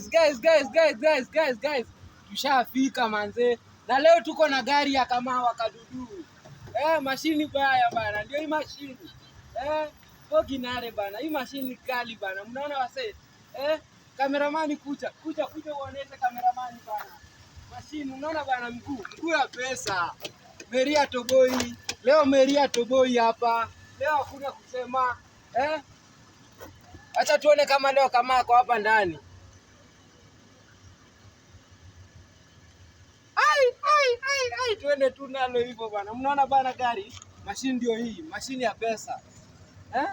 guys, guys, guys, guys, guys, guys, guys. Tushafika manze, na leo tuko na gari ya kama Kadudu. Eh, mashini baya bana, ndio hii mashini eh, nare bana, hii mashini kali bana, mnaona wase eh, kameramani kucha kucha kucha, uoneshe kameramani bana, mashini unaona bana, mkuu mkuu ya pesa. Meria Toboi leo, Meria Toboi hapa leo, hakuna kusema eh. Acha tuone kama leo Kamako hapa ndani tuende tu nalo hivyo bwana. Mnaona bwana, gari mashini ndio hii, mashini ya pesa eh?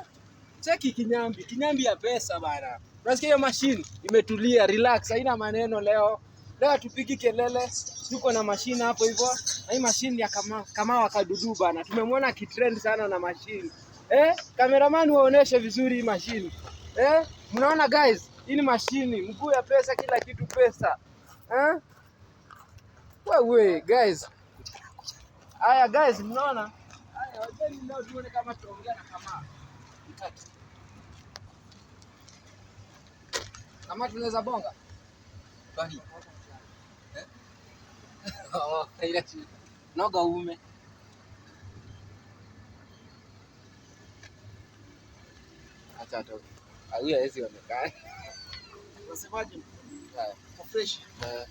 Cheki kinyambi, kinyambi ya pesa bwana. Unasikia hiyo mashini imetulia, relax, haina maneno leo. Leo tupigi kelele, tuko na mashini hapo hivyo, na hii mashini ya kama kama wakadudu bwana. tumemwona kitrend sana na mashini eh? Kameramani waoneshe vizuri hii mashini eh? Mnaona guys, hii ni mashini mguu ya pesa, kila kitu pesa eh? Wewe guys Haya guys, mnaona haya, wazeni ndio tuone kama tuongea na kama kama tunaweza bonga bali eh, oh ila noga ume acha tu hizi wamekaa. unasemaje? Haya. fresh Eh.